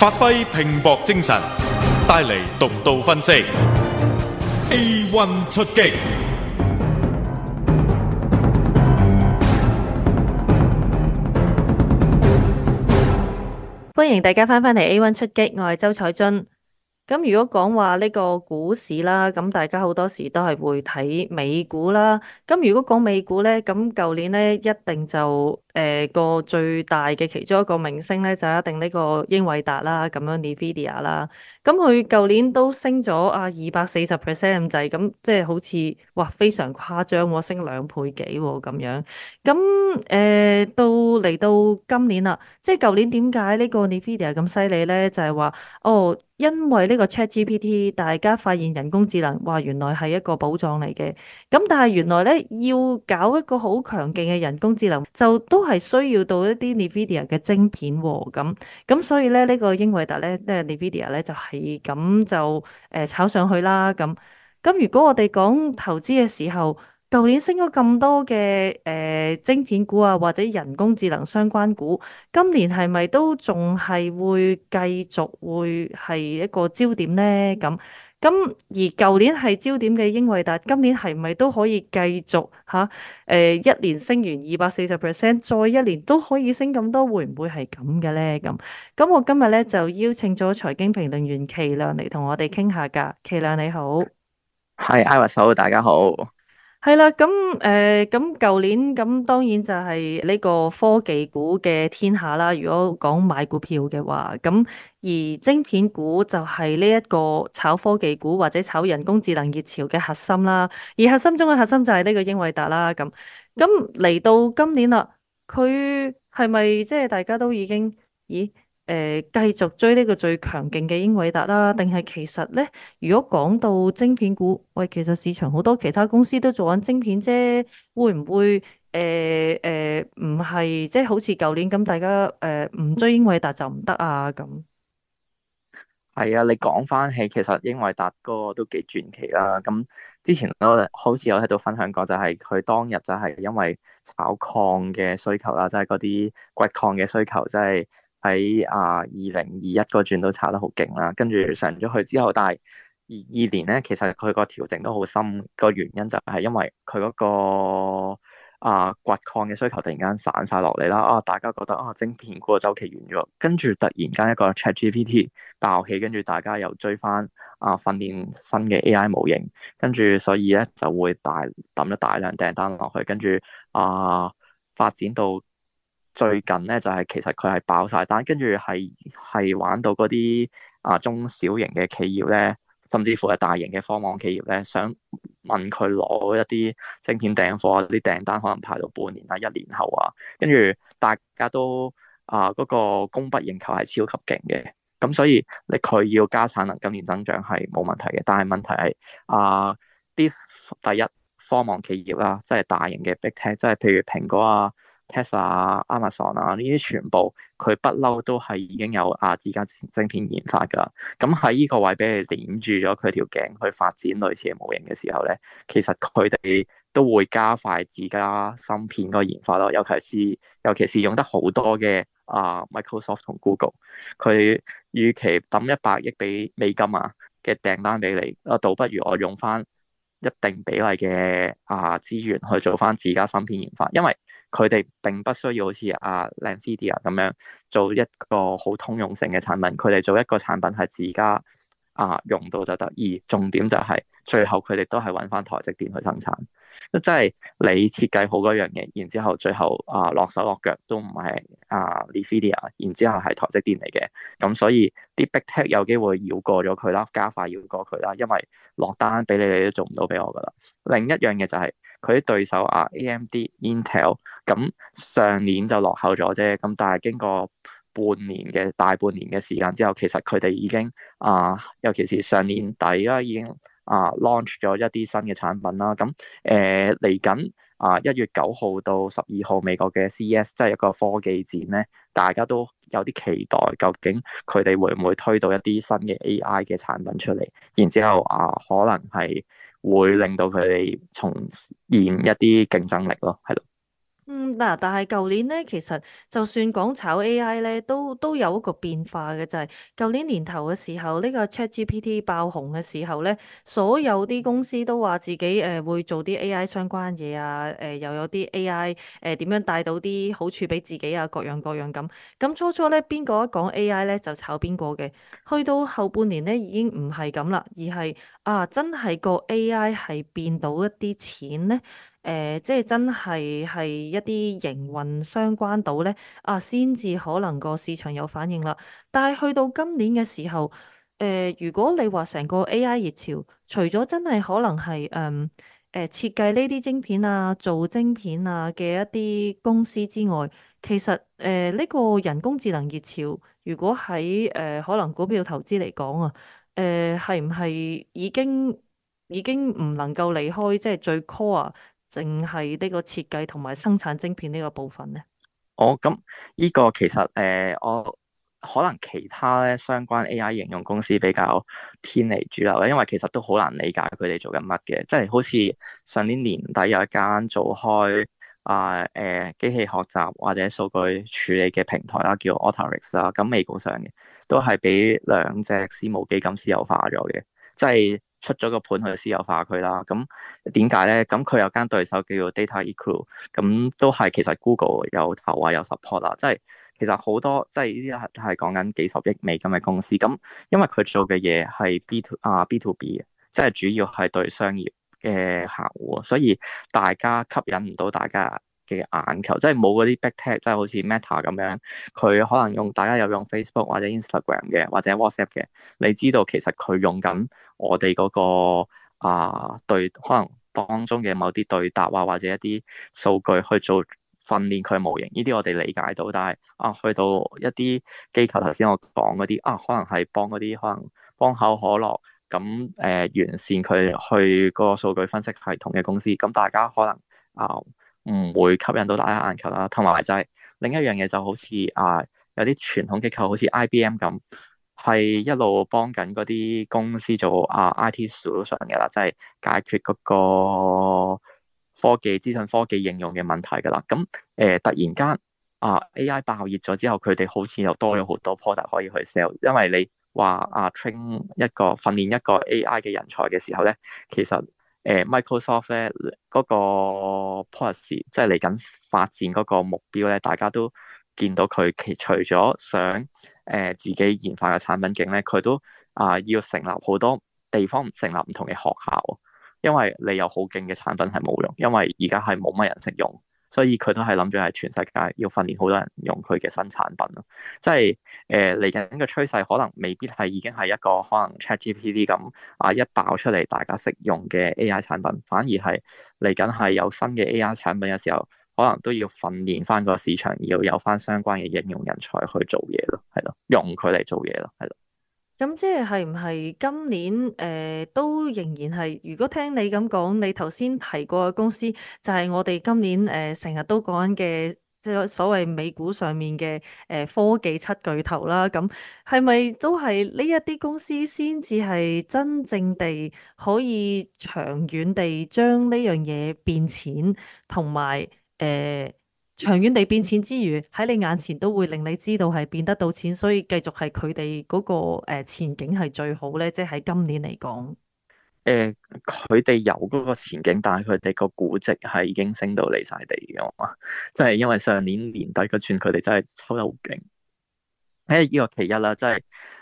發揮拼搏精神，帶嚟獨到分析。A1 出擊，歡迎大家翻返嚟 A1 出擊，我係周采蓁。咁如果講話呢個股市啦，咁大家好多時都係會睇美股啦。咁如果講美股呢，咁舊年呢一定就。誒個、呃、最大嘅其中一個明星咧，就是、一定呢個英偉達啦，咁樣 Nvidia 啦，咁佢舊年都升咗啊二百四十 percent 咁滯，咁、嗯、即係好似哇非常誇張喎，升兩倍幾喎咁樣，咁、嗯、誒、呃、到嚟到今年啦，即係舊年點解呢個 Nvidia 咁犀利咧？就係、是、話哦，因為呢個 ChatGPT，大家發現人工智能話原來係一個寶藏嚟嘅。咁但係原來咧要搞一個好強勁嘅人工智能就都都係需要到一啲 NVIDIA 嘅晶片喎、哦，咁咁所以咧呢個英偉達咧，即係 NVIDIA 咧就係咁就誒炒上去啦，咁咁如果我哋講投資嘅時候，舊年升咗咁多嘅誒、呃、晶片股啊，或者人工智能相關股，今年係咪都仲係會繼續會係一個焦點咧？咁？咁而舊年係焦點嘅英偉達，今年係咪都可以繼續嚇？誒、啊、一年升完二百四十 percent，再一年都可以升咁多，會唔會係咁嘅咧？咁咁我今日咧就邀請咗財經評論員棋亮嚟同我哋傾下噶。棋亮你好，係 Iris 大家好。係啦，咁誒，咁舊年咁當然就係呢個科技股嘅天下啦。如果講買股票嘅話，咁而晶片股就係呢一個炒科技股或者炒人工智能熱潮嘅核心啦。而核心中嘅核心就係呢個英偉達啦。咁咁嚟到今年啦，佢係咪即係大家都已經？咦？誒，繼續追呢個最強勁嘅英偉達啦，定係其實咧，如果講到晶片股，喂，其實市場好多其他公司都做緊晶片啫，會唔會誒誒，唔係即係好似舊年咁，大家誒唔追英偉達就唔得啊？咁係啊，你講翻起其實英偉達嗰個都幾傳奇啦。咁之前我好似有喺度分享過，就係佢當日就係因為炒礦嘅需求啦，即係嗰啲掘礦嘅需求，即係喺啊二零二一嗰轉都查得好勁啦，跟住上咗去之後，但係二二年咧，其實佢個調整都好深，個原因就係因為佢嗰、那個啊掘、呃、礦嘅需求突然間散晒落嚟啦。啊，大家覺得啊晶片股嘅週期完咗，跟住突然間一個 ChatGPT 爆起，跟住大，大家又追翻啊、呃、訓練新嘅 AI 模型，跟住所以咧就會大抌咗大量訂單落去，跟住啊發展到。最近咧就係、是、其實佢係爆晒單，跟住係係玩到嗰啲啊中小型嘅企業咧，甚至乎係大型嘅科網企業咧，想問佢攞一啲晶片訂貨啊，啲訂單可能排到半年啊、一年後啊，跟住大家都啊嗰、那個供不應求係超級勁嘅，咁所以你佢要加產能今年增長係冇問題嘅，但係問題係啊啲第一科網企業啦、啊，即係大型嘅 big tech 即係譬如蘋果啊。Tesla 啊、Amazon 啊，呢啲全部佢不嬲都係已經有啊自家晶片研發噶。咁喺呢個位俾你綵住咗佢條頸去發展類似嘅模型嘅時候咧，其實佢哋都會加快自家芯片嗰個研發咯。尤其是尤其是，用得好多嘅啊 Microsoft 同 Google，佢與其抌一百億俾美金啊嘅訂單俾你，啊倒不如我用翻一定比例嘅啊資源去做翻自家芯片研發，因為佢哋並不需要好似阿 Nvidia 咁樣做一個好通用性嘅產品，佢哋做一個產品係自家啊用到就得。而重點就係、是、最後佢哋都係揾翻台積電去生產，即係你設計好嗰樣嘢，然之後最後啊落手落腳都唔係啊 Nvidia，然之後係台積電嚟嘅。咁所以啲 big tech 有機會繞過咗佢啦，加快繞過佢啦，因為落單俾你，你都做唔到俾我噶啦。另一樣嘢就係佢啲對手啊 AMD、Intel。咁上年就落後咗啫，咁但係經過半年嘅大半年嘅時間之後，其實佢哋已經啊、呃，尤其是上年底啦，已經啊 launch 咗一啲新嘅產品啦。咁誒嚟緊啊一月九號到十二號美國嘅 CES，即係一個科技展咧，大家都有啲期待，究竟佢哋會唔會推到一啲新嘅 AI 嘅產品出嚟？然之後啊、呃，可能係會令到佢哋重現一啲競爭力咯，係咯。嗯，嗱，但係舊年咧，其實就算講炒 AI 咧，都都有一個變化嘅，就係舊年年頭嘅時候，呢個 ChatGPT 爆紅嘅時候咧，所有啲公司都話自己誒會做啲 AI 相關嘢啊，誒又有啲 AI 誒點樣帶到啲好處俾自己啊，各樣各樣咁。咁初初咧，邊個一講 AI 咧就炒邊個嘅，去到後半年咧已經唔係咁啦，而係啊，真係個 AI 係變到一啲錢咧。誒、呃，即係真係係一啲營運相關到咧，啊，先至可能個市場有反應啦。但係去到今年嘅時候，誒、呃，如果你話成個 AI 熱潮，除咗真係可能係，嗯，誒、呃，設計呢啲晶片啊，做晶片啊嘅一啲公司之外，其實誒呢、呃這個人工智能熱潮，如果喺誒、呃、可能股票投資嚟講啊，誒係唔係已經已經唔能夠離開，即係最 core 淨係呢個設計同埋生產晶片呢個部分咧，哦，咁呢個其實誒、呃，我可能其他咧相關 AI 應用公司比較偏離主流咧，因為其實都好難理解佢哋做緊乜嘅，即係好似上年年底有一間做開啊誒、呃呃、機器學習或者數據處理嘅平台啦、啊，叫 Alteryx 啦，咁未報上嘅，都係俾兩隻私募基金私有化咗嘅，即係。出咗個盤去私有化佢啦，咁點解咧？咁佢有間對手叫做 Dataiku，咁都係其實 Google 有投啊，有 support 啦、啊，即係其實好多即係呢啲係講緊幾十億美金嘅公司，咁因為佢做嘅嘢係 B to 啊 B to B，即係主要係對商業嘅客戶，所以大家吸引唔到大家。嘅眼球，即係冇嗰啲 Big Tech 即係好似 Meta 咁樣，佢可能用大家有用 Facebook 或者 Instagram 嘅，或者 WhatsApp 嘅，你知道其實佢用緊我哋嗰、嗰個啊、呃、對，可能當中嘅某啲對答啊，或者一啲數據去做訓練佢模型，呢啲我哋理解到。但係啊，去到一啲機構，頭先我講嗰啲啊，可能係幫嗰啲可能幫可口可樂咁誒完善佢去個數據分析系統嘅公司，咁大家可能啊，呃唔會吸引到大家眼球啦，同埋就係、係、另一樣嘢，就好似啊有啲傳統機構好，好似 IBM 咁，係一路幫緊嗰啲公司做啊 IT solution 嘅啦，即、就、係、係、解決嗰個科技資訊科技應用嘅問題嘅啦。咁誒、呃、突然間啊 AI 爆熱咗之後，佢哋好似又多咗好多 product 可以去 sell，因為你話啊 train 一個訓練一個 AI 嘅人才嘅時候咧，其實～誒，Microsoft 咧嗰、嗰個 policy，即係嚟緊發展嗰個目標咧，大家都見到佢，其除咗想誒自己研發嘅產品勁咧，佢都啊、呃、要成立好多地方唔成立唔同嘅學校，因為你有好勁嘅產品係冇用，因為而家係冇乜人識用。所以佢都係諗住係全世界要訓練好多人用佢嘅新產品咯，即係誒嚟緊嘅趨勢可能未必係已經係一個可能 ChatGPT 咁啊一爆出嚟大家識用嘅 AI 產品，反而係嚟緊係有新嘅 AI 產品嘅時候，可能都要訓練翻個市場要有翻相關嘅應用人才去做嘢咯，係咯，用佢嚟做嘢咯，係咯。咁即係係唔係今年誒、呃、都仍然係？如果聽你咁講，你頭先提過嘅公司就係、是、我哋今年誒成日都講嘅，即係所謂美股上面嘅誒、呃、科技七巨頭啦。咁係咪都係呢一啲公司先至係真正地可以長遠地將呢樣嘢變錢，同埋誒？呃長遠地變錢之餘，喺你眼前都會令你知道係變得到錢，所以繼續係佢哋嗰個前景係最好咧。即係喺今年嚟講，誒佢哋有嗰個前景，但係佢哋個估值係已經升到離晒地嘅嘛，即係因為上年年底嗰段佢哋真係抽得好勁。誒，依個其一啦，即係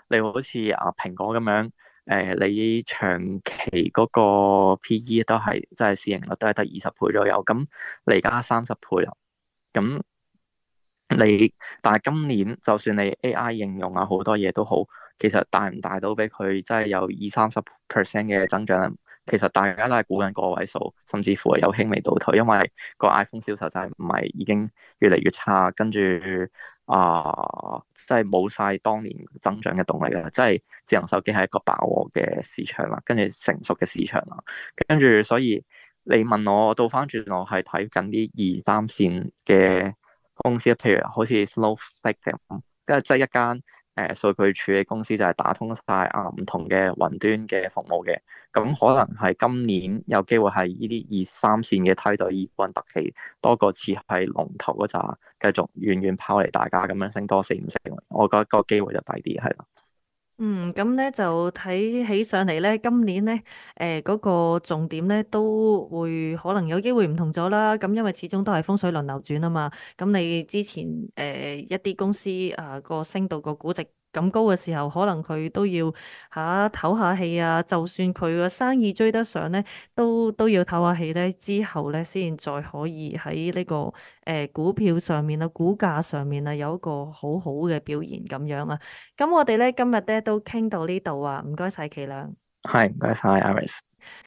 你好似啊蘋果咁樣誒，你長期嗰個 P/E 都係即係市盈率都係得二十倍左右，咁你而家三十倍啊！咁你但係今年就算你 AI 應用啊好多嘢都好，其實帶唔帶到俾佢真係有二三十 percent 嘅增長？其實大家都係估緊個位數，甚至乎係有輕微倒退，因為個 iPhone 銷售就係唔係已經越嚟越差，跟住啊即係冇晒當年增長嘅動力啦。即係智能手機係一個飽和嘅市場啦，跟住成熟嘅市場啦，跟住所以。你問我倒翻轉，我係睇緊啲二三線嘅公司，譬如好似 Snowflake 咁，即係即係一間誒數據處理公司，就係、是、打通晒啊唔同嘅雲端嘅服務嘅。咁可能係今年有機會係呢啲二三線嘅梯隊異軍突起，多過似係龍頭嗰扎，繼續遠遠拋離大家咁樣升多四五成。4, 我覺得個機會就大啲，係啦。嗯，咁咧就睇起上嚟咧，今年咧，誒、呃、嗰、那個重點咧都會可能有機會唔同咗啦。咁因為始終都係風水輪流轉啊嘛。咁你之前誒、呃、一啲公司啊個、呃、升到個估值，咁高嘅時候，可能佢都要吓唞、啊、下氣啊！就算佢個生意追得上咧，都都要唞下氣咧，之後咧先再可以喺呢個誒股票上面啊，股價上面啊有一個好好嘅表現咁樣啊！咁我哋咧今日咧都傾到呢度啊，唔該晒棋亮，係唔該晒 Aris。